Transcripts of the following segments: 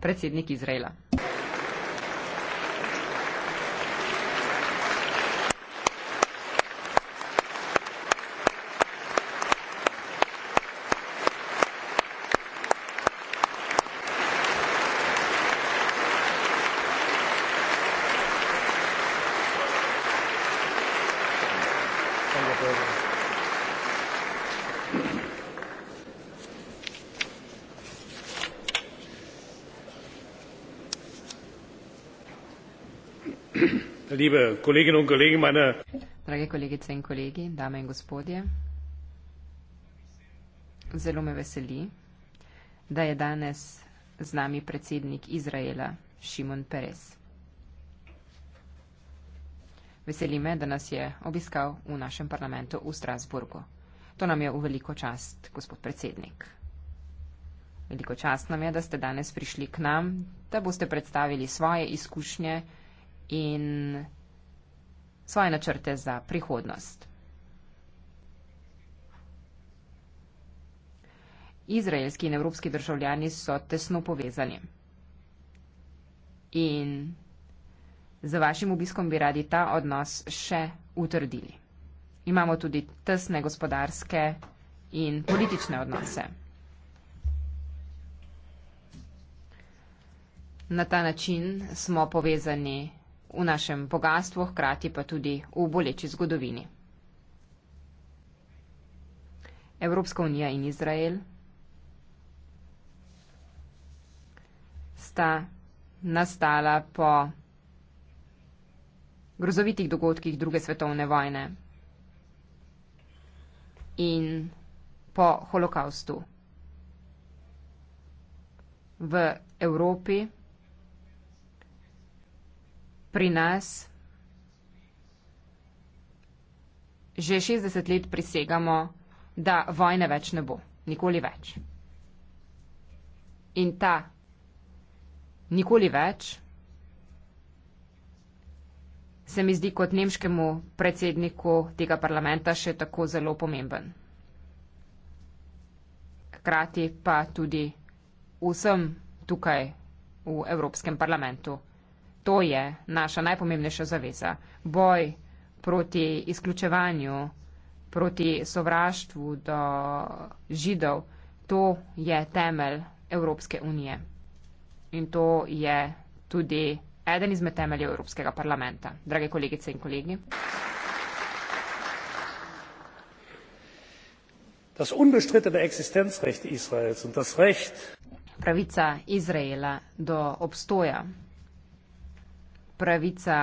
predsednik Izraela. liebe Kolleginnen und Kollegen, meine Drage kolegice in kolegi, dame in gospodje, zelo me veseli, da je danes z nami predsednik Izraela Šimon Peres. Veseli me, da nas je obiskal v našem parlamentu v Strasburgu. To nam je v veliko čast, gospod predsednik. Veliko čast nam je, da ste danes prišli k nam, da boste predstavili svoje izkušnje in svoje načrte za prihodnost. Izraelski in evropski državljani so tesno povezani. In z vašim obiskom bi radi ta odnos še utrdili. Imamo tudi tesne gospodarske in politične odnose. Na ta način smo povezani v našem bogatstvu, hkrati pa tudi v boleči zgodovini. Evropska unija in Izrael sta nastala po grozovitih dogodkih druge svetovne vojne in po holokaustu. V Evropi pri nas že 60 let prisegamo, da vojne več ne bo, nikoli več. In ta nikoli več se mi zdi kot nemškemu predsedniku tega parlamenta še tako zelo pomemben. Hkrati pa tudi vsem tukaj v Evropskem parlamentu to je naša najpomembnejša zaveza. Boj proti izključevanju, proti sovraštvu do židov, to je temelj Evropske unije. In to je tudi eden izmed temeljev Evropskega parlamenta. Drage kolegice in kolegi. Pravica Izraela do obstoja pravica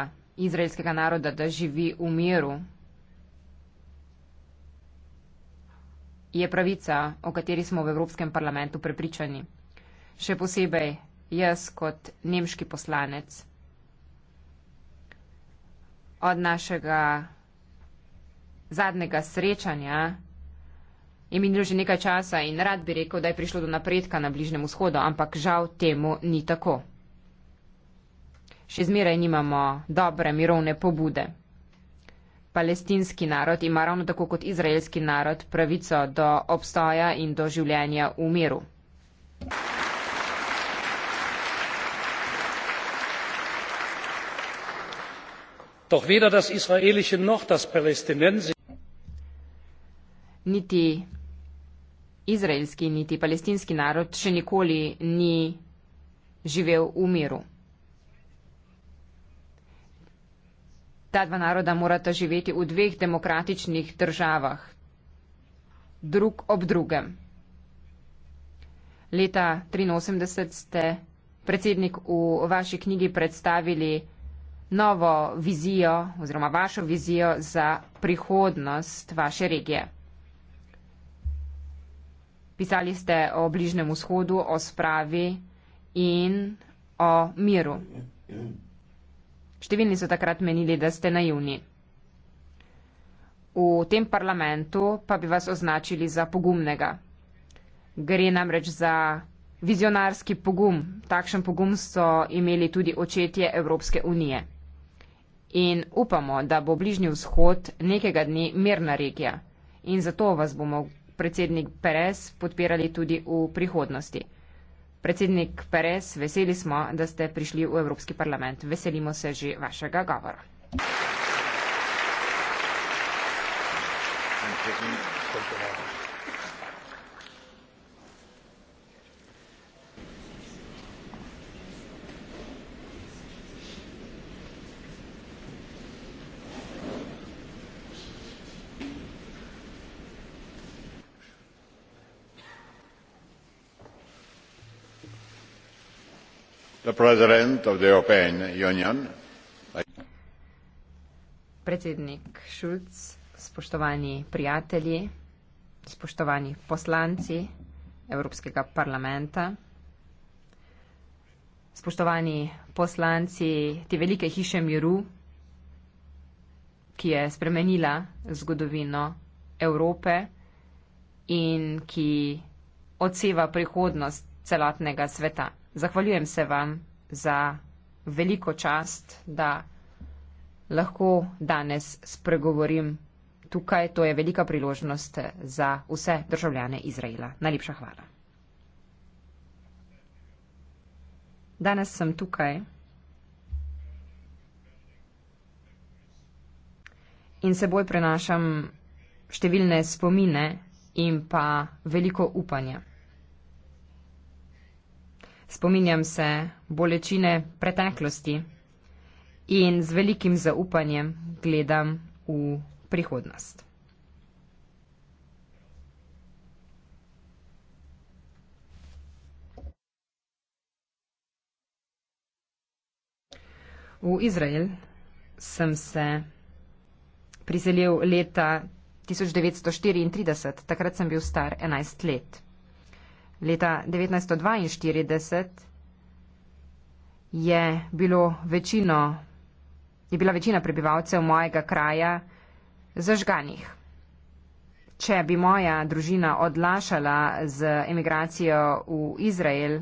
izraelskega naroda, da živi v miru, je pravica, o kateri smo v Evropskem parlamentu prepričani. Še posebej jaz kot nemški poslanec. Od našega zadnjega srečanja je minilo že nekaj časa in rad bi rekel, da je prišlo do napredka na Bližnem vzhodu, ampak žal temu ni tako še zmeraj nimamo dobre mirovne pobude. Palestinski narod ima ravno tako kot izraelski narod pravico do obstoja in do življenja v miru. Doch weder das israelische noch das palestinensische. Niti izraelski, niti palestinski narod še nikoli ni živel v miru. ta dva naroda morata živeti v dveh demokratičnih državah, drug ob drugem. Leta 1983 ste, predsednik, v vaši knjigi predstavili novo vizijo oziroma vašo vizijo za prihodnost vaše regije. Pisali ste o Bližnem vzhodu, o spravi in o miru. Številni so takrat menili, da ste naivni. V tem parlamentu pa bi vas označili za pogumnega. Gre namreč za vizionarski pogum. Takšen pogum so imeli tudi očetje Evropske unije. In upamo, da bo Bližnji vzhod nekega dne mirna regija. In zato vas bomo, predsednik Perez, podpirali tudi v prihodnosti. Predsednik Perez, veseli smo, da ste prišli v Evropski parlament. Veselimo se že vašega govora. Thank you. Thank you. Thank you. Predsednik Schulz, spoštovani prijatelji, spoštovani poslanci Evropskega parlamenta, spoštovani poslanci te velike hiše miru, ki je spremenila zgodovino Evrope in ki odseva prihodnost celotnega sveta. Zahvaljujem se vam za veliko čast, da lahko danes spregovorim tukaj. To je velika priložnost za vse državljane Izraela. Najlepša hvala. Danes sem tukaj in seboj prenašam številne spomine in pa veliko upanja. Spominjam se bolečine preteklosti in z velikim zaupanjem gledam v prihodnost. V Izrael sem se priselil leta 1934, takrat sem bil star 11 let. Leta 1942 je, bilo večino, je bila večina prebivalcev mojega kraja zažganih. Če bi moja družina odlašala z emigracijo v Izrael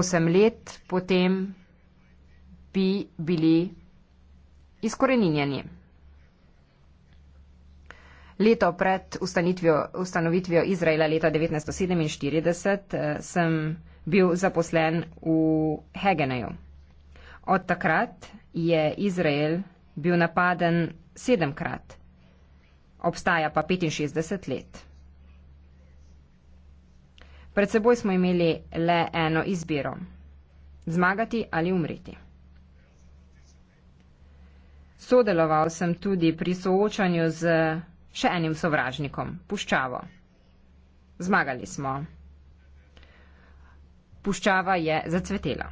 osem let, potem bi bili izkoreninjeni. Leto pred ustanovitvijo Izraela leta 1947 eh, sem bil zaposlen v Hegeneju. Od takrat je Izrael bil napaden sedemkrat, obstaja pa 65 let. Pred seboj smo imeli le eno izbiro - zmagati ali umreti. Sodeloval sem tudi pri soočanju z še enim sovražnikom, puščavo. Zmagali smo. Puščava je zacvetela.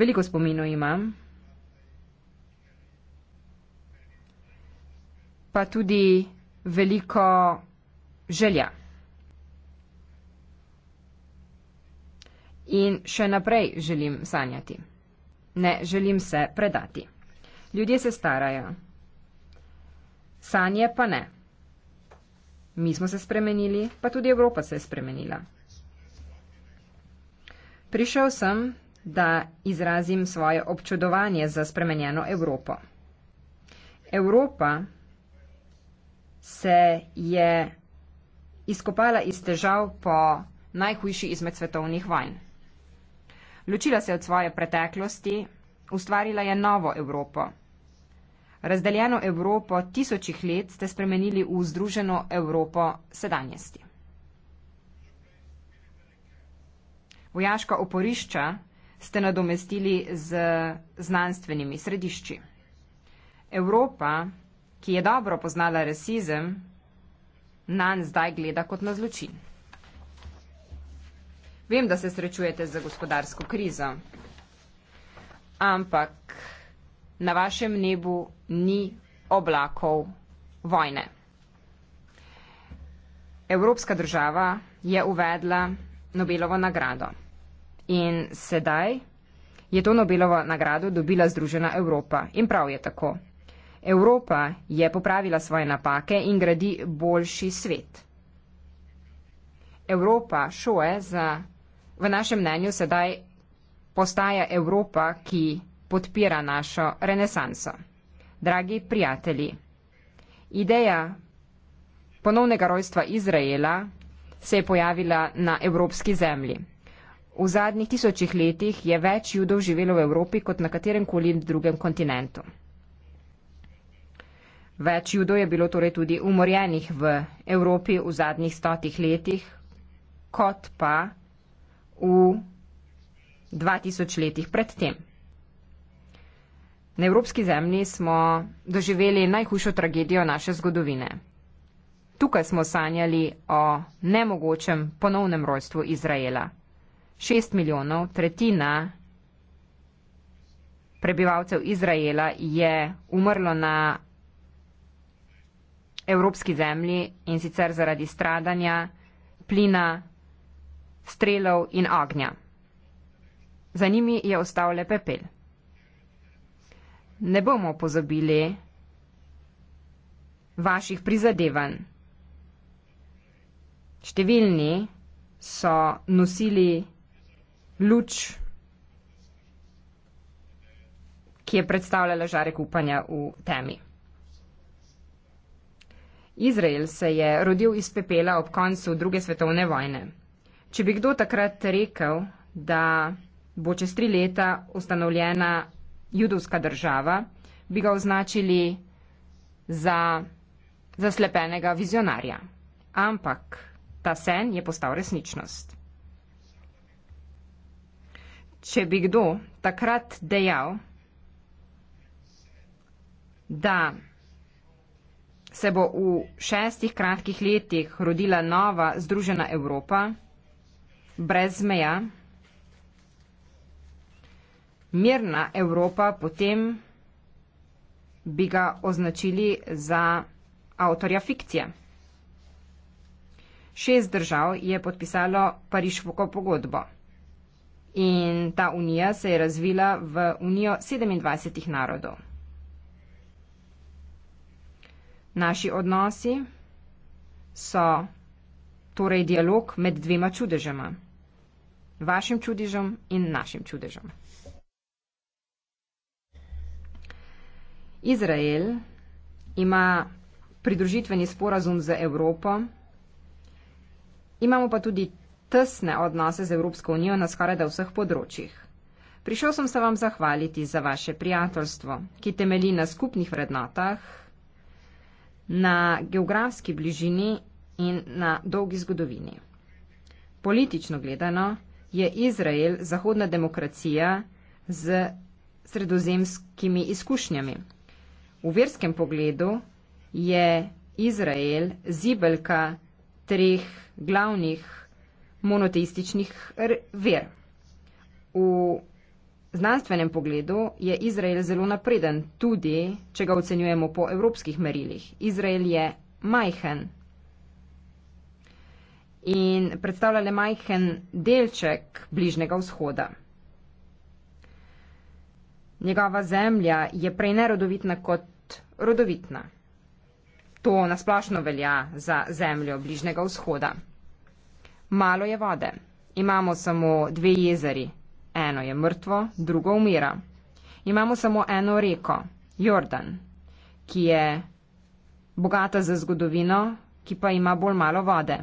Veliko spominov imam, pa tudi veliko želja. In še naprej želim sanjati. Ne želim se predati. Ljudje se starajo. Sanje pa ne. Mi smo se spremenili, pa tudi Evropa se je spremenila. Prišel sem, da izrazim svoje občudovanje za spremenjeno Evropo. Evropa se je izkopala iz težav po najhujši izmed svetovnih vojn. Ločila se je od svoje preteklosti, ustvarila je novo Evropo. Razdeljeno Evropo tisočih let ste spremenili v združeno Evropo sedanjosti. Vojaška oporišča ste nadomestili z znanstvenimi središči. Evropa, ki je dobro poznala rasizem, nan zdaj gleda kot na zločin. Vem, da se srečujete z gospodarsko krizo, ampak na vašem nebu ni oblakov vojne. Evropska država je uvedla Nobelovo nagrado in sedaj je to Nobelovo nagrado dobila Združena Evropa in prav je tako. Evropa je popravila svoje napake in gradi boljši svet. Evropa šoje za, v našem mnenju sedaj postaja Evropa, ki podpira našo renesanso. Dragi prijatelji, ideja ponovnega rojstva Izraela se je pojavila na evropski zemlji. V zadnjih tisočih letih je več judov živelo v Evropi kot na katerem koli drugem kontinentu. Več judov je bilo torej tudi umorjenih v Evropi v zadnjih stotih letih, kot pa v 2000 letih predtem. Na evropski zemlji smo doživeli najhujšo tragedijo naše zgodovine. Tukaj smo sanjali o nemogočem ponovnem rojstvu Izraela. Šest milijonov, tretjina prebivalcev Izraela je umrlo na evropski zemlji in sicer zaradi stradanja, plina, strelov in ognja. Za njimi je ostal le pepel ne bomo pozabili vaših prizadevanj. Številni so nosili luč, ki je predstavljala žarek upanja v temi. Izrael se je rodil iz pepela ob koncu druge svetovne vojne. Če bi kdo takrat rekel, da bo čez tri leta ustanovljena judovska država, bi ga označili za zaslepenega vizionarja. Ampak ta sen je postal resničnost. Če bi kdo takrat dejal, da se bo v šestih kratkih letih rodila nova združena Evropa brez meja, mirna Evropa, potem bi ga označili za avtorja fikcije. Šest držav je podpisalo Pariško pogodbo in ta unija se je razvila v unijo 27 narodov. Naši odnosi so torej dialog med dvema čudežema, vašim čudežem in našim čudežem. Izrael ima pridružitveni sporazum z Evropo, imamo pa tudi tesne odnose z Evropsko unijo na skoraj da vseh področjih. Prišel sem se vam zahvaliti za vaše prijateljstvo, ki temeli na skupnih vrednotah, na geografski bližini in na dolgi zgodovini. Politično gledano je Izrael zahodna demokracija z sredozemskimi izkušnjami. V verskem pogledu je Izrael zibelka treh glavnih monoteističnih ver. V znanstvenem pogledu je Izrael zelo napreden, tudi če ga ocenjujemo po evropskih merilih. Izrael je majhen in predstavlja le majhen delček bližnjega vzhoda. Njegova zemlja je prej nerodovitna kot rodovitna. To nasplošno velja za zemljo Bližnjega vzhoda. Malo je vode, imamo samo dve jezeri, eno je mrtvo, drugo umira. Imamo samo eno reko, Jordan, ki je bogata za zgodovino, ki pa ima bolj malo vode.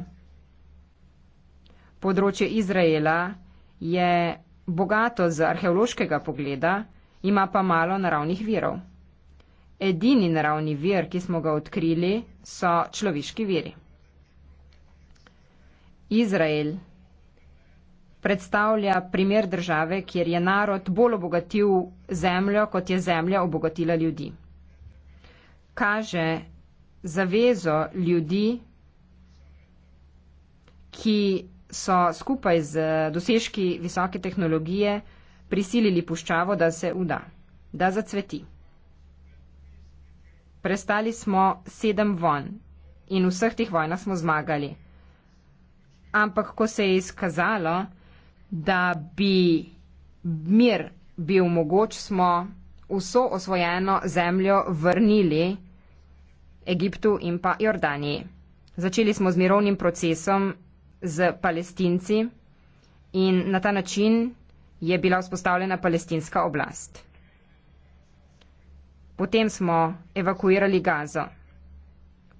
Področje Izraela je bogato z arheološkega pogleda, ima pa malo naravnih virov. Edini naravni vir, ki smo ga odkrili, so človeški viri. Izrael predstavlja primer države, kjer je narod bolj obogatil zemljo, kot je zemlja obogatila ljudi. Kaže zavezo ljudi, ki so skupaj z dosežki visoke tehnologije prisilili puščavo, da se uda, da zacveti prestali smo sedem vojn in v vseh teh vojnah smo zmagali. Ampak ko se je izkazalo, da bi mir bil mogoč, smo vso osvojeno zemljo vrnili Egiptu in pa Jordaniji. Začeli smo z mirovnim procesom z palestinci in na ta način je bila vzpostavljena palestinska oblast. Potem smo evakuirali Gazo.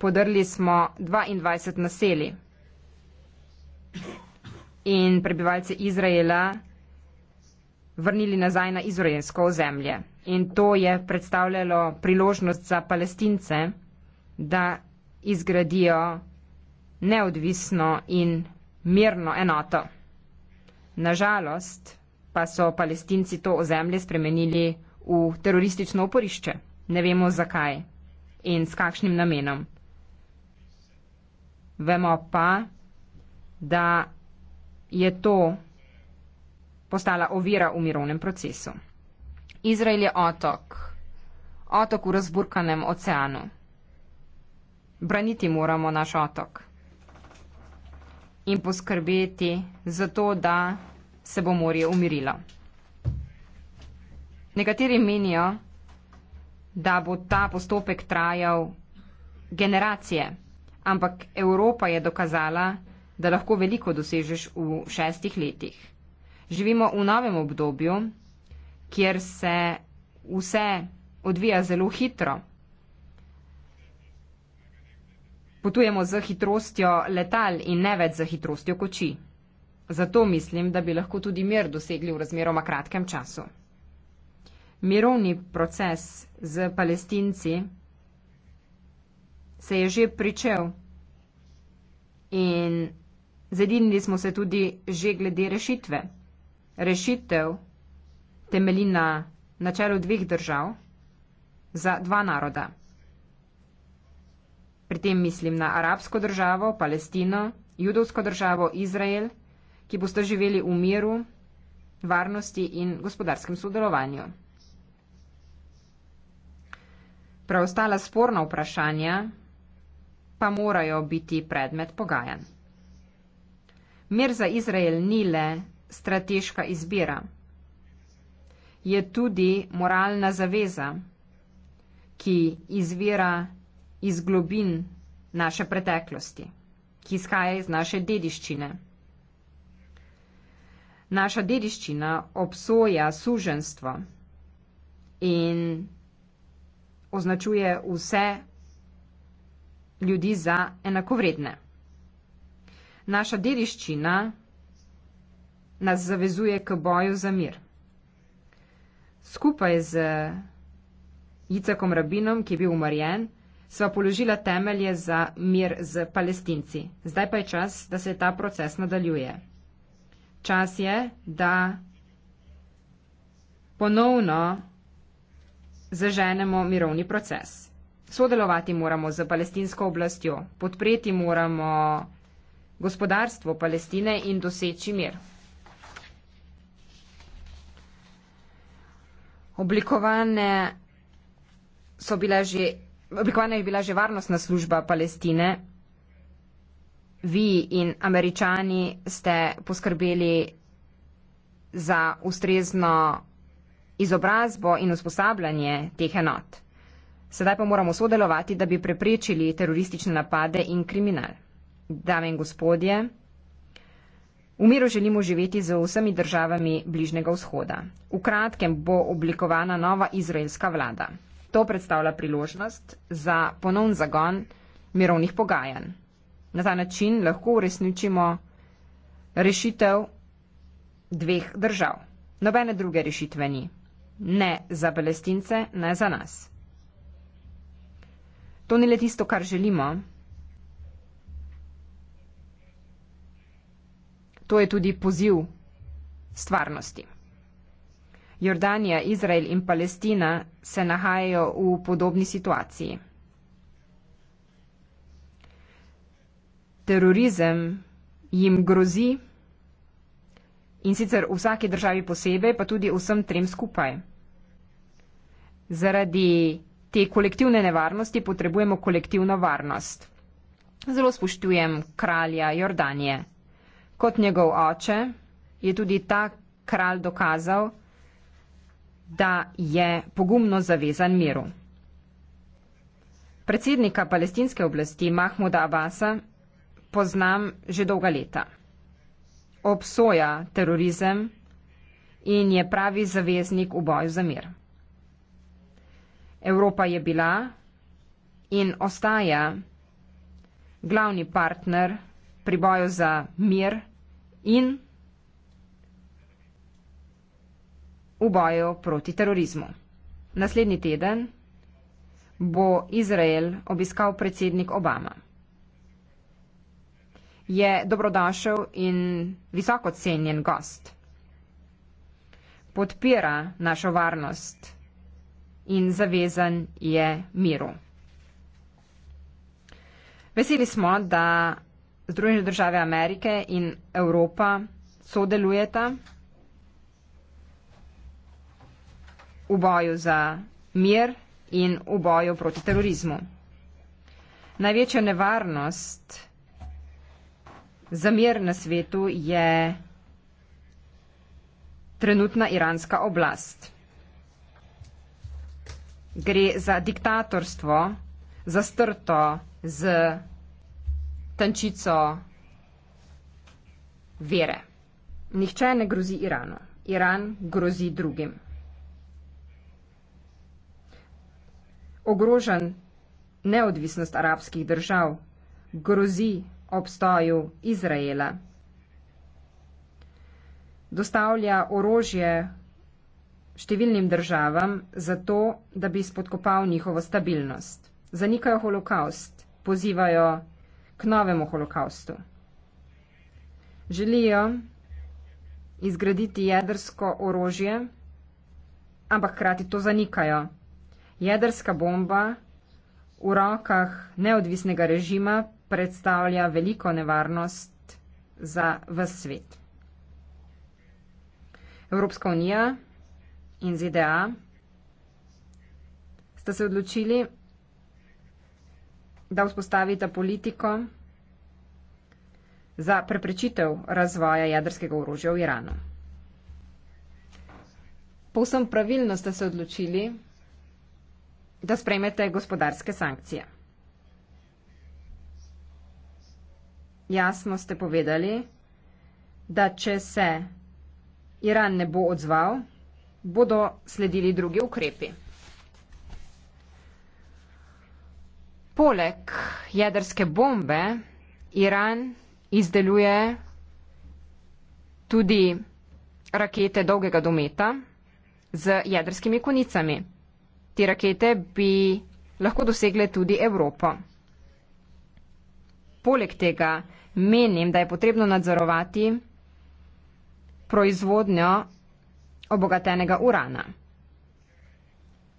Podrli smo 22 naseli. In prebivalce Izraela vrnili nazaj na izraelsko ozemlje. In to je predstavljalo priložnost za palestince, da izgradijo neodvisno in mirno enoto. Nažalost pa so palestinci to ozemlje spremenili v teroristično oporišče ne vemo zakaj in s kakšnim namenom. Vemo pa, da je to postala ovira v mirovnem procesu. Izrael je otok, otok v razburkanem oceanu. Braniti moramo naš otok in poskrbeti za to, da se bo morje umirilo. Nekateri menijo, da bo ta postopek trajal generacije. Ampak Evropa je dokazala, da lahko veliko dosežeš v šestih letih. Živimo v novem obdobju, kjer se vse odvija zelo hitro. Potujemo z hitrostjo letal in ne več z hitrostjo koči. Zato mislim, da bi lahko tudi mir dosegli v razmeroma kratkem času mirovni proces z palestinci se je že pričel in zedinili smo se tudi že glede rešitve. Rešitev temelji na načelu dveh držav za dva naroda. Pri tem mislim na arabsko državo, Palestino, judovsko državo, Izrael, ki boste živeli v miru, varnosti in gospodarskem sodelovanju. Preostala sporna vprašanja pa morajo biti predmet pogajanj. Mir za Izrael ni le strateška izbira, je tudi moralna zaveza, ki izvira iz globin naše preteklosti, ki izhaja iz naše dediščine. Naša dediščina obsoja suženstvo in označuje vse ljudi za enakovredne. Naša dediščina nas zavezuje k boju za mir. Skupaj z Jicakom Rabinom, ki je bil umrjen, sva položila temelje za mir z palestinci. Zdaj pa je čas, da se ta proces nadaljuje. Čas je, da ponovno zaženemo mirovni proces. Sodelovati moramo z palestinsko oblastjo, podpreti moramo gospodarstvo Palestine in doseči mir. Oblikovane, že, oblikovane je bila že varnostna služba Palestine. Vi in američani ste poskrbeli za ustrezno izobrazbo in usposabljanje teh enot. Sedaj pa moramo sodelovati, da bi preprečili teroristične napade in kriminal. Dame in gospodje, v miru želimo živeti z vsemi državami Bližnjega vzhoda. V kratkem bo oblikovana nova izraelska vlada. To predstavlja priložnost za ponovn zagon mirovnih pogajanj. Na ta način lahko uresničimo rešitev dveh držav. Nobene druge rešitve ni ne za palestince, ne za nas. To ni le tisto, kar želimo. To je tudi poziv stvarnosti. Jordanija, Izrael in Palestina se nahajajo v podobni situaciji. Terorizem jim grozi in sicer vsake državi posebej, pa tudi vsem trem skupaj. Zaradi te kolektivne nevarnosti potrebujemo kolektivno varnost. Zelo spoštujem kralja Jordanije. Kot njegov oče je tudi ta kralj dokazal, da je pogumno zavezan miru. Predsednika palestinske oblasti Mahmuda Abasa poznam že dolga leta obsoja terorizem in je pravi zaveznik v boju za mir. Evropa je bila in ostaja glavni partner pri boju za mir in v boju proti terorizmu. Naslednji teden bo Izrael obiskal predsednik Obama je dobrodošel in visoko cenjen gost. Podpira našo varnost in zavezan je miru. Veseli smo, da Združene države Amerike in Evropa sodelujeta v boju za mir in v boju proti terorizmu. Največja nevarnost Za mir na svetu je trenutna iranska oblast. Gre za diktatorstvo, zastrto z tančico vere. Nihče ne grozi Iranu. Iran grozi drugim. Ogrožen neodvisnost arabskih držav grozi obstoju Izraela. Dostavlja orožje številnim državam zato, da bi spodkopal njihovo stabilnost. Zanikajo holokaust, pozivajo k novemu holokaustu. Želijo izgraditi jedrsko orožje, ampak krati to zanikajo. Jedrska bomba v rokah neodvisnega režima predstavlja veliko nevarnost za vse svet. Evropska unija in ZDA sta se odločili, da vzpostavita politiko za preprečitev razvoja jedrskega orožja v Iranu. Povsem pravilno ste se odločili, da sprejmete gospodarske sankcije. jasno ste povedali, da če se Iran ne bo odzval, bodo sledili drugi ukrepi. Poleg jedrske bombe Iran izdeluje tudi rakete dolgega dometa z jedrskimi konicami. Te rakete bi lahko dosegle tudi Evropo. Poleg tega menim, da je potrebno nadzorovati proizvodnjo obogatenega urana.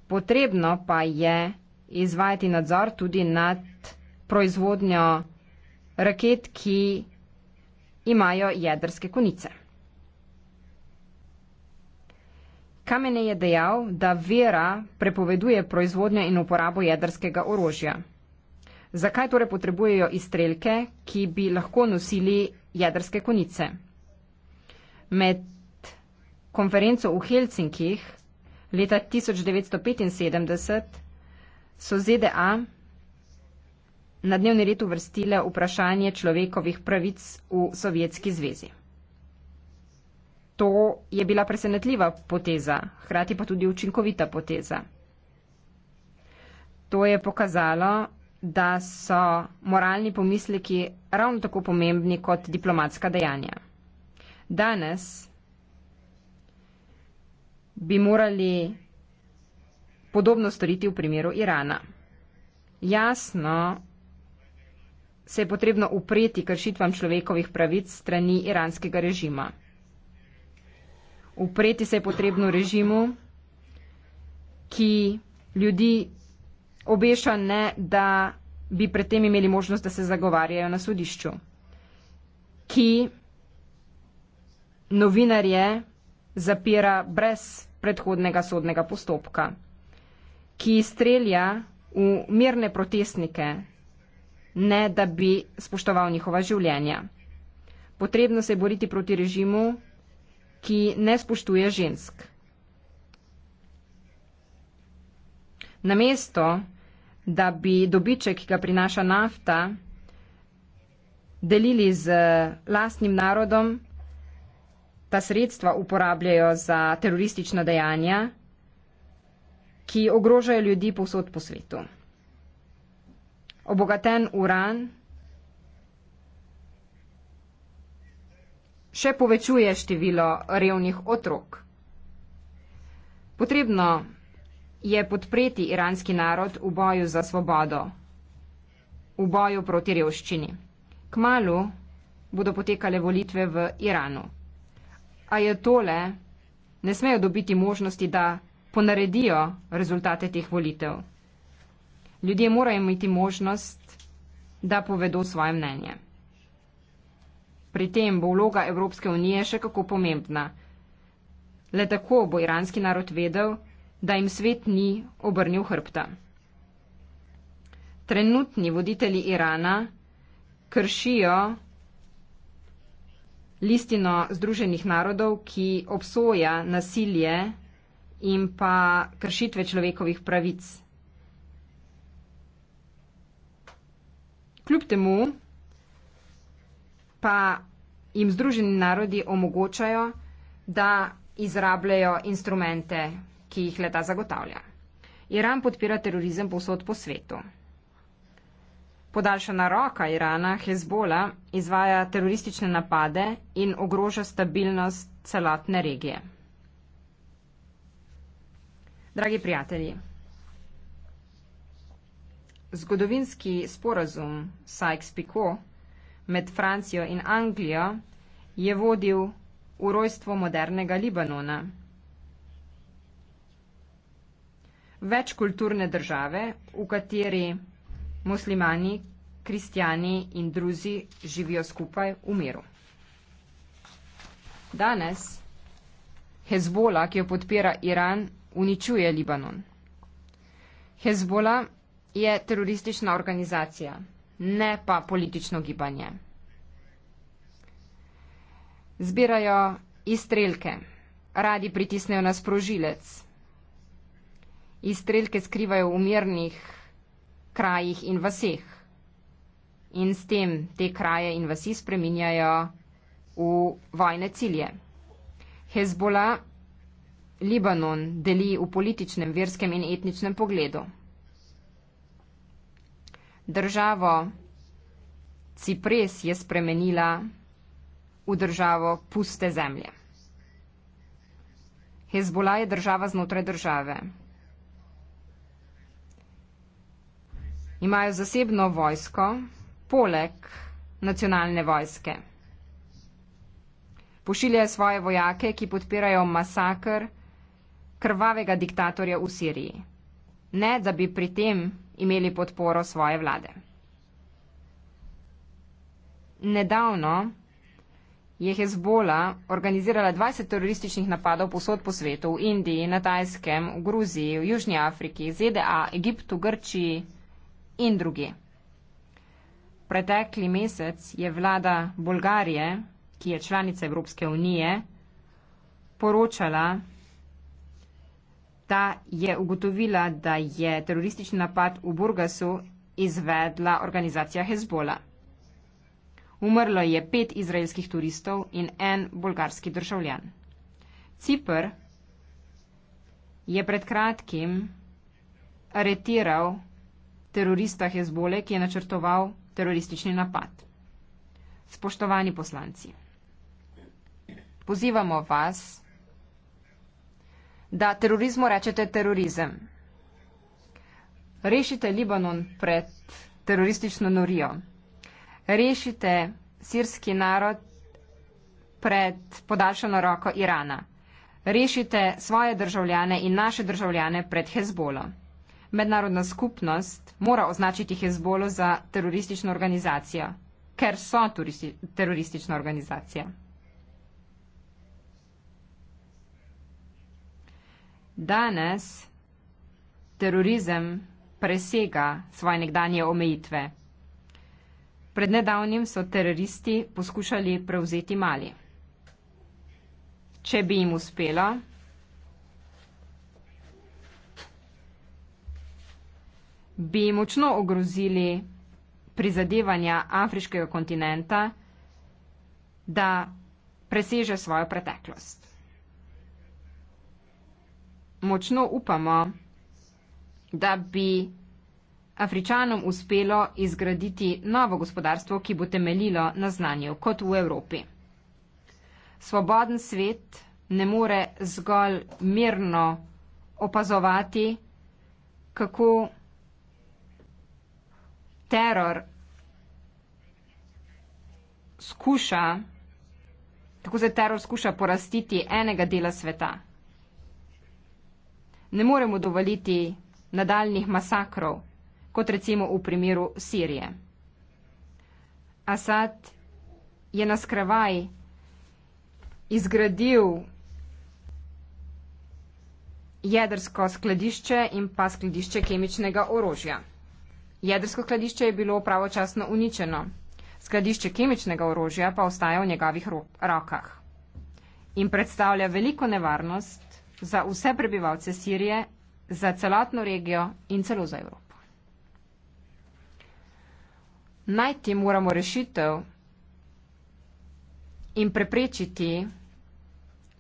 Potrebno pa je izvajati nadzor tudi nad proizvodnjo raket, ki imajo jedrske konice. Kamene je dejal, da vera prepoveduje proizvodnjo in uporabo jedrskega orožja. Zakaj torej potrebujejo izstrelke, ki bi lahko nosili jedrske konice? Med konferenco v Helsinkih leta 1975 so ZDA na dnevni red uvrstile vprašanje človekovih pravic v Sovjetski zvezi. To je bila presenetljiva poteza, hkrati pa tudi učinkovita poteza. To je pokazalo, da so moralni pomisleki ravno tako pomembni kot diplomatska dejanja. Danes bi morali podobno storiti v primeru Irana. Jasno se je potrebno upreti kršitvam človekovih pravic strani iranskega režima. Upreti se je potrebno režimu, ki ljudi obeša ne, da bi predtem imeli možnost, da se zagovarjajo na sodišču, ki novinarje zapira brez predhodnega sodnega postopka, ki strelja v mirne protestnike, ne da bi spoštoval njihova življenja. Potrebno se je boriti proti režimu, ki ne spoštuje žensk. namesto da bi dobiček, ki ga prinaša nafta, delili z lastnim narodom, ta sredstva uporabljajo za teroristična dejanja, ki ogrožajo ljudi povsod po svetu. Obogaten uran še povečuje število revnih otrok. Potrebno je podpreti iranski narod v boju za svobodo, v boju proti revščini. Kmalu bodo potekale volitve v Iranu. A je tole, ne smejo dobiti možnosti, da ponaredijo rezultate teh volitev. Ljudje morajo imeti možnost, da povedo svoje mnenje. Pri tem bo vloga Evropske unije še kako pomembna. Le tako bo iranski narod vedel, da jim svet ni obrnil hrbta. Trenutni voditelji Irana kršijo listino Združenih narodov, ki obsoja nasilje in pa kršitve človekovih pravic. Kljub temu pa jim Združeni narodi omogočajo, da izrabljajo instrumente ki jih leta zagotavlja. Iran podpira terorizem povsod po svetu. Podaljšana roka Irana, Hezbola, izvaja teroristične napade in ogroža stabilnost celotne regije. Dragi prijatelji, zgodovinski sporazum Sykes-Picot med Francijo in Anglijo je vodil v rojstvo modernega Libanona. večkulturne države, v kateri muslimani, kristijani in druzi živijo skupaj v miru. Danes Hezbola, ki jo podpira Iran, uničuje Libanon. Hezbola je teroristična organizacija, ne pa politično gibanje. Zbirajo izstrelke, radi pritisnejo na sprožilec izstrelke skrivajo v mirnih krajih in vaseh. In s tem te kraje in vasi spreminjajo v vojne cilje. Hezbola Libanon deli v političnem, verskem in etničnem pogledu. Državo Cipres je spremenila v državo puste zemlje. Hezbola je država znotraj države. imajo zasebno vojsko poleg nacionalne vojske. Pošiljajo svoje vojake, ki podpirajo masakr krvavega diktatorja v Siriji, ne da bi pri tem imeli podporo svoje vlade. Nedavno je Hezbola organizirala 20 terorističnih napadov posod po svetu, v Indiji, na Tajskem, v Gruziji, v Južnji Afriki, ZDA, Egiptu, Grčiji, in druge. Pretekli mesec je vlada Bolgarije, ki je članica Evropske unije, poročala, da je ugotovila, da je teroristični napad v Burgasu izvedla organizacija Hezbola. Umrlo je pet izraelskih turistov in en bolgarski državljan. Cipr je pred kratkim aretiral terorista Hezbole, ki je načrtoval teroristični napad. Spoštovani poslanci, pozivamo vas, da terorizmu rečete terorizem. Rešite Libanon pred teroristično norijo. Rešite sirski narod pred podaljšano roko Irana. Rešite svoje državljane in naše državljane pred Hezbolom mednarodna skupnost mora označiti Hezbolo za teroristično organizacijo, ker so turisti, teroristična organizacija. Danes terorizem presega svoje nekdanje omejitve. Pred nedavnim so teroristi poskušali prevzeti mali. Če bi jim uspelo, bi močno ogrozili prizadevanja afriškega kontinenta, da preseže svojo preteklost. Močno upamo, da bi Afričanom uspelo izgraditi novo gospodarstvo, ki bo temeljilo na znanju, kot v Evropi. Svoboden svet ne more zgolj mirno opazovati, kako teror skuša, tako se teror skuša porastiti enega dela sveta. Ne moremo dovoliti nadaljnih masakrov, kot recimo v primeru Sirije. Asad je na skrivaj izgradil jedrsko skladišče in pa skladišče kemičnega orožja. Jedrsko skladišče je bilo pravočasno uničeno, skladišče kemičnega orožja pa ostaja v njegovih rokah in predstavlja veliko nevarnost za vse prebivalce Sirije, za celotno regijo in celo za Evropo. Najti moramo rešitev in preprečiti,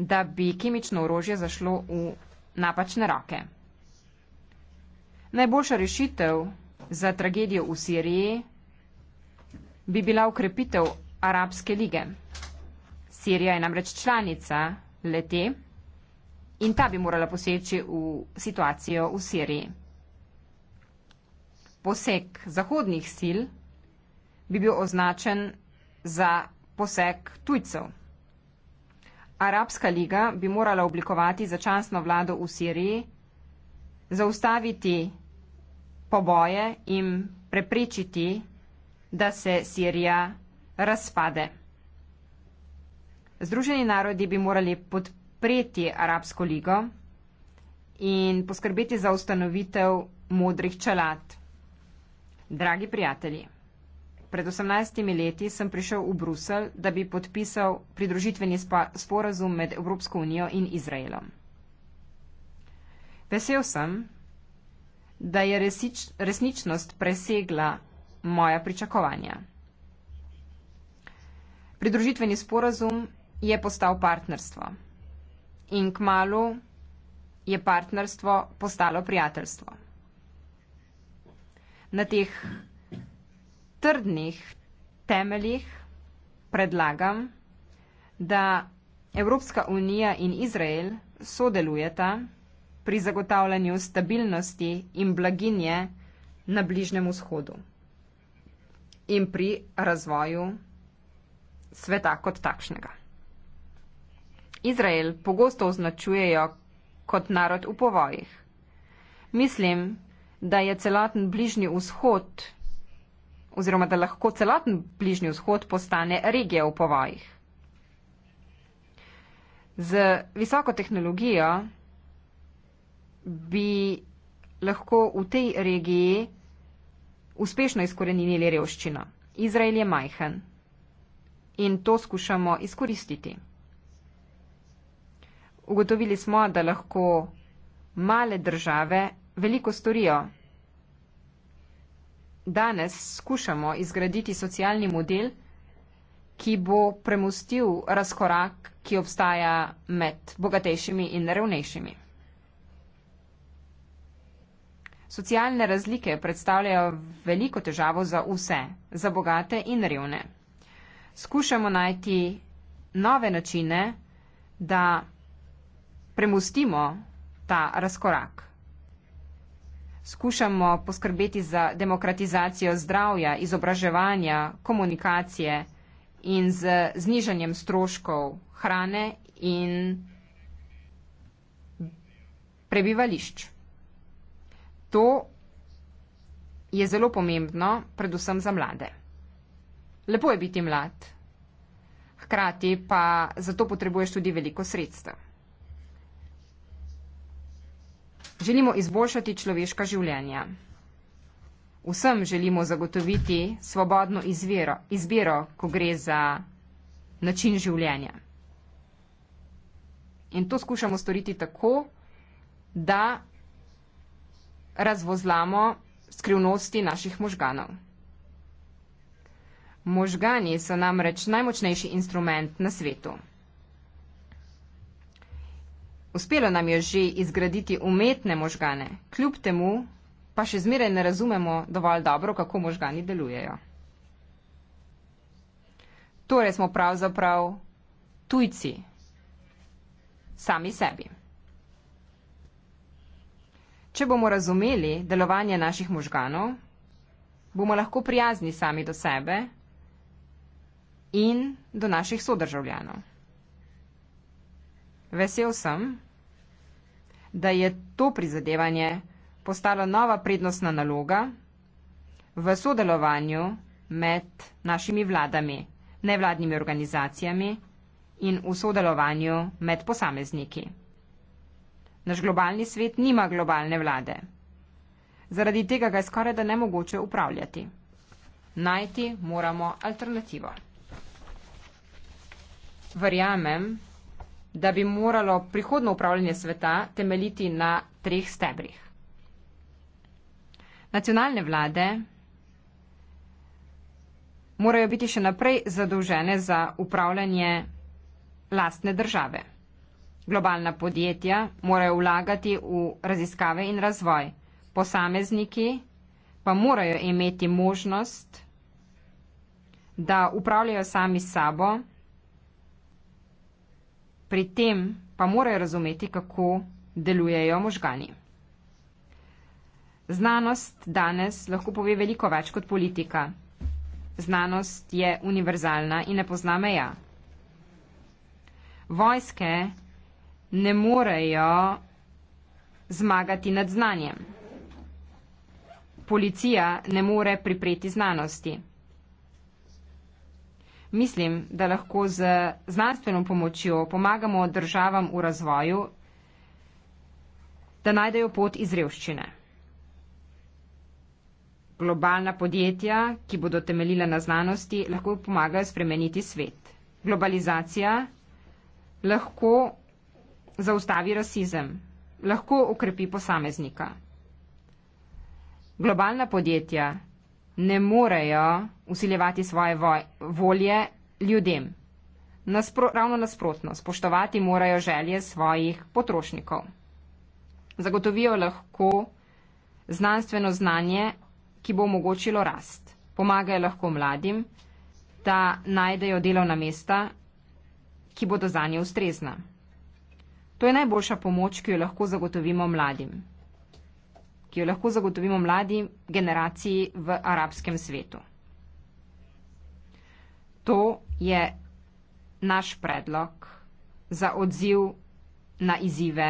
da bi kemično orožje zašlo v napačne roke. Najboljša rešitev za tragedijo v Siriji, bi bila ukrepitev Arabske lige. Sirija je namreč članica lete in ta bi morala poseči v situacijo v Siriji. Poseg zahodnih sil bi bil označen za poseg tujcev. Arabska liga bi morala oblikovati začasno vlado v Siriji, zaustaviti poboje in preprečiti, da se Sirija razpade. Združeni narodi bi morali podpreti Arabsko ligo in poskrbeti za ustanovitev modrih čelad. Dragi prijatelji, pred 18 leti sem prišel v Brusel, da bi podpisal pridružitveni sporazum med Evropsko unijo in Izraelom. Vesel sem, da je resič, resničnost presegla moja pričakovanja. Pridružitveni sporazum je postal partnerstvo in k malu je partnerstvo postalo prijateljstvo. Na teh trdnih temeljih predlagam, da Evropska unija in Izrael sodelujeta, pri zagotavljanju stabilnosti in blaginje na Bližnjem vzhodu in pri razvoju sveta kot takšnega. Izrael pogosto označujejo kot narod v povojih. Mislim, da je celoten Bližnji vzhod oziroma da lahko celoten Bližnji vzhod postane regija v povojih. Z visoko tehnologijo bi lahko v tej regiji uspešno izkorenili revščino. Izrael je majhen in to skušamo izkoristiti. Ugotovili smo, da lahko male države veliko storijo. Danes skušamo izgraditi socialni model, ki bo premustil razkorak, ki obstaja med bogatejšimi in revnejšimi. Socialne razlike predstavljajo veliko težavo za vse, za bogate in revne. Skušamo najti nove načine, da premustimo ta razkorak. Skušamo poskrbeti za demokratizacijo zdravja, izobraževanja, komunikacije in z znižanjem stroškov hrane in prebivališč. To je zelo pomembno, predvsem za mlade. Lepo je biti mlad, hkrati pa zato potrebuješ tudi veliko sredstev. Želimo izboljšati človeška življenja. Vsem želimo zagotoviti svobodno izvero, izbiro, ko gre za način življenja. In to skušamo storiti tako, da razvozlamo skrivnosti naših možganov. Možgani so namreč najmočnejši instrument na svetu. Uspelo nam je že izgraditi umetne možgane, kljub temu pa še zmeraj ne razumemo dovolj dobro, kako možgani delujejo. Torej smo pravzaprav tujci, sami sebi. Če bomo razumeli delovanje naših možganov, bomo lahko prijazni sami do sebe in do naših sodržavljanov. Vesel sem, da je to prizadevanje postalo nova prednostna naloga v sodelovanju med našimi vladami, nevladnimi organizacijami in v sodelovanju med posamezniki. Naš globalni svet nima globalne vlade. Zaradi tega ga je skoraj da nemogoče upravljati. Najti moramo alternativo. Verjamem, da bi moralo prihodno upravljanje sveta temeljiti na treh stebrih. Nacionalne vlade morajo biti še naprej zadolžene za upravljanje lastne države. Globalna podjetja morajo vlagati v raziskave in razvoj. Posamezniki pa morajo imeti možnost, da upravljajo sami sabo, pri tem pa morajo razumeti, kako delujejo možgani. Znanost danes lahko pove veliko več kot politika. Znanost je univerzalna in ne pozna meja. Vojske ne morejo zmagati nad znanjem. Policija ne more pripreti znanosti. Mislim, da lahko z znanstveno pomočjo pomagamo državam v razvoju, da najdejo pot iz revščine. Globalna podjetja, ki bodo temeljila na znanosti, lahko pomagajo spremeniti svet. Globalizacija lahko zaustavi rasizem, lahko ukrepi posameznika. Globalna podjetja ne morejo usiljevati svoje volje ljudem. Naspro, ravno nasprotno, spoštovati morajo želje svojih potrošnikov. Zagotovijo lahko znanstveno znanje, ki bo omogočilo rast. Pomagajo lahko mladim, da najdejo delovna mesta, ki bodo za nje ustrezna. To je najboljša pomoč, ki jo lahko zagotovimo mladim. Ki jo lahko zagotovimo mladim generaciji v arabskem svetu. To je naš predlog za odziv na izzive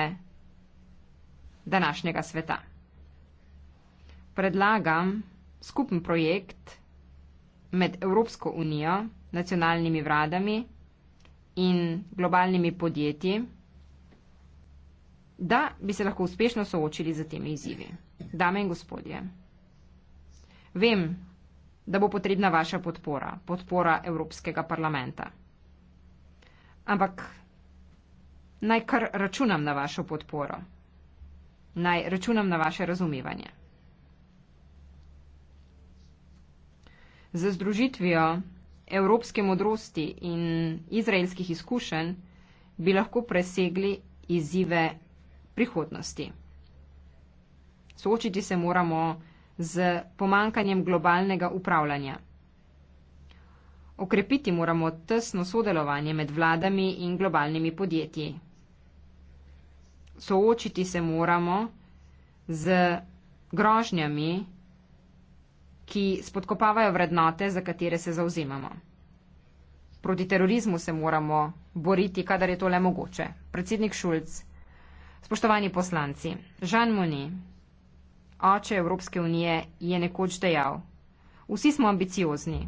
današnjega sveta. Predlagam skupen projekt med Evropsko unijo, nacionalnimi vladami in globalnimi podjetji da bi se lahko uspešno soočili z temi izzivi. Dame in gospodje, vem, da bo potrebna vaša podpora, podpora Evropskega parlamenta. Ampak naj kar računam na vašo podporo, naj računam na vaše razumevanje. Za združitvijo evropske modrosti in izraelskih izkušenj bi lahko presegli izzive prihodnosti. Soočiti se moramo z pomankanjem globalnega upravljanja. Okrepiti moramo tesno sodelovanje med vladami in globalnimi podjetji. Soočiti se moramo z grožnjami, ki spodkopavajo vrednote, za katere se zauzemamo. Proti terorizmu se moramo boriti, kadar je to le mogoče. Predsednik Šulc Spoštovani poslanci, Žan Moni, oče Evropske unije, je nekoč dejal, vsi smo ambiciozni.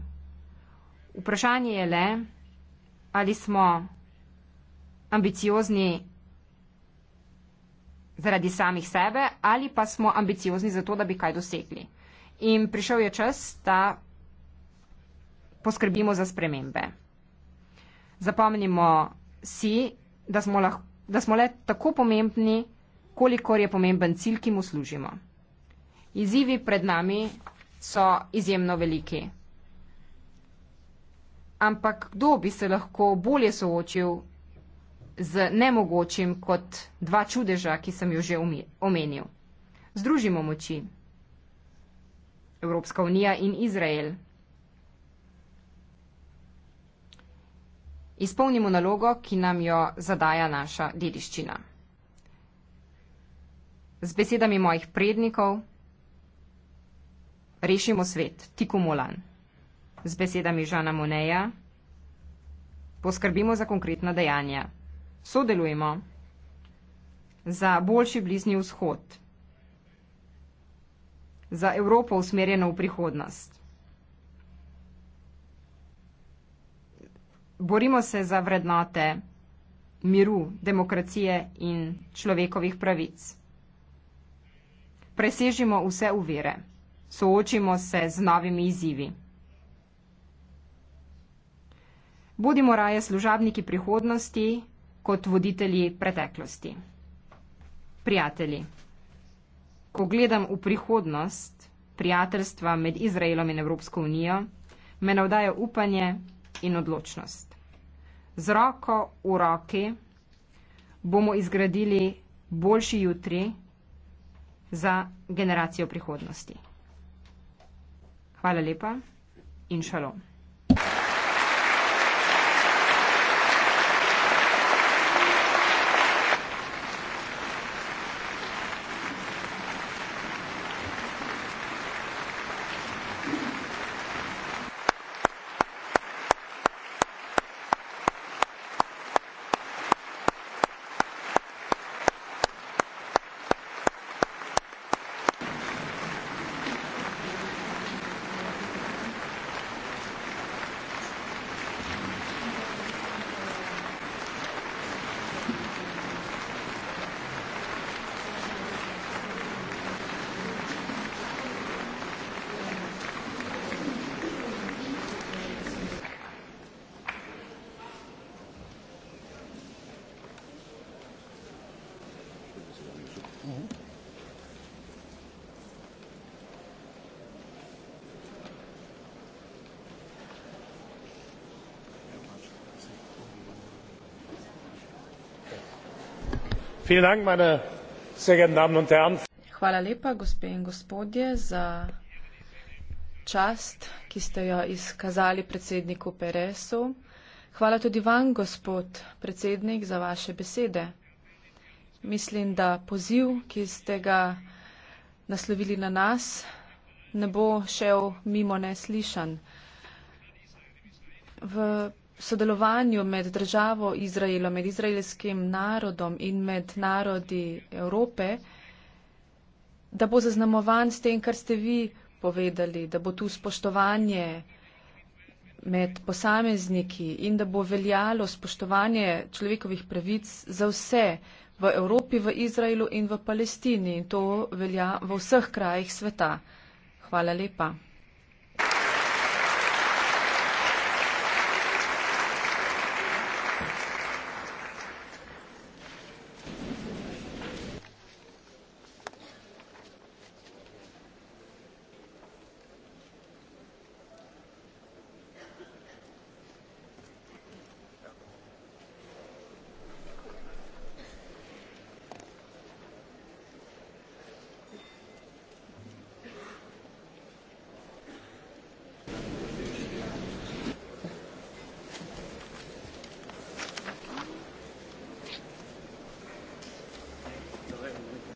Vprašanje je le, ali smo ambiciozni zaradi samih sebe ali pa smo ambiciozni zato, da bi kaj dosegli. In prišel je čas, da poskrbimo za spremembe. Zapomnimo si, da smo lahko da smo le tako pomembni, kolikor je pomemben cilj, ki mu služimo. Izzivi pred nami so izjemno veliki. Ampak kdo bi se lahko bolje soočil z nemogočim kot dva čudeža, ki sem jo že omenil? Združimo moči. Evropska unija in Izrael. izpolnimo nalogo, ki nam jo zadaja naša dediščina. Z besedami mojih prednikov rešimo svet, tikumolan. Z besedami Žana Moneja poskrbimo za konkretna dejanja. Sodelujemo za boljši bližnji vzhod, za Evropo usmerjeno v prihodnost. borimo se za vrednote miru, demokracije in človekovih pravic. Presežimo vse uvire, soočimo se z novimi izzivi. Bodimo raje služabniki prihodnosti kot voditelji preteklosti. Prijatelji, ko gledam v prihodnost prijateljstva med Izraelom in Evropsko unijo, me navdaja upanje in odločnost z roko v roki bomo izgradili boljši jutri za generacijo prihodnosti. Hvala lepa in šalom. Hvala lepa, gospe in gospodje, za čast, ki ste jo izkazali predsedniku Peresu. Hvala tudi vam, gospod predsednik, za vaše besede. Mislim, da poziv, ki ste ga naslovili na nas, ne bo šel mimo neslišan. V sodelovanju med državo Izraelom, med izraelskim narodom in med narodi Evrope, da bo zaznamovan s tem, kar ste vi povedali, da bo tu spoštovanje med posamezniki in da bo veljalo spoštovanje človekovih pravic za vse v Evropi, v Izraelu in v Palestini. In to velja v vseh krajih sveta. Hvala lepa.